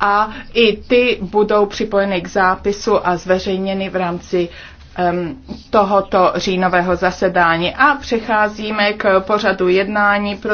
a i ty budou připojeny k zápisu a zveřejněny v rámci um, tohoto říjnového zasedání. A přecházíme k pořadu jednání. Pro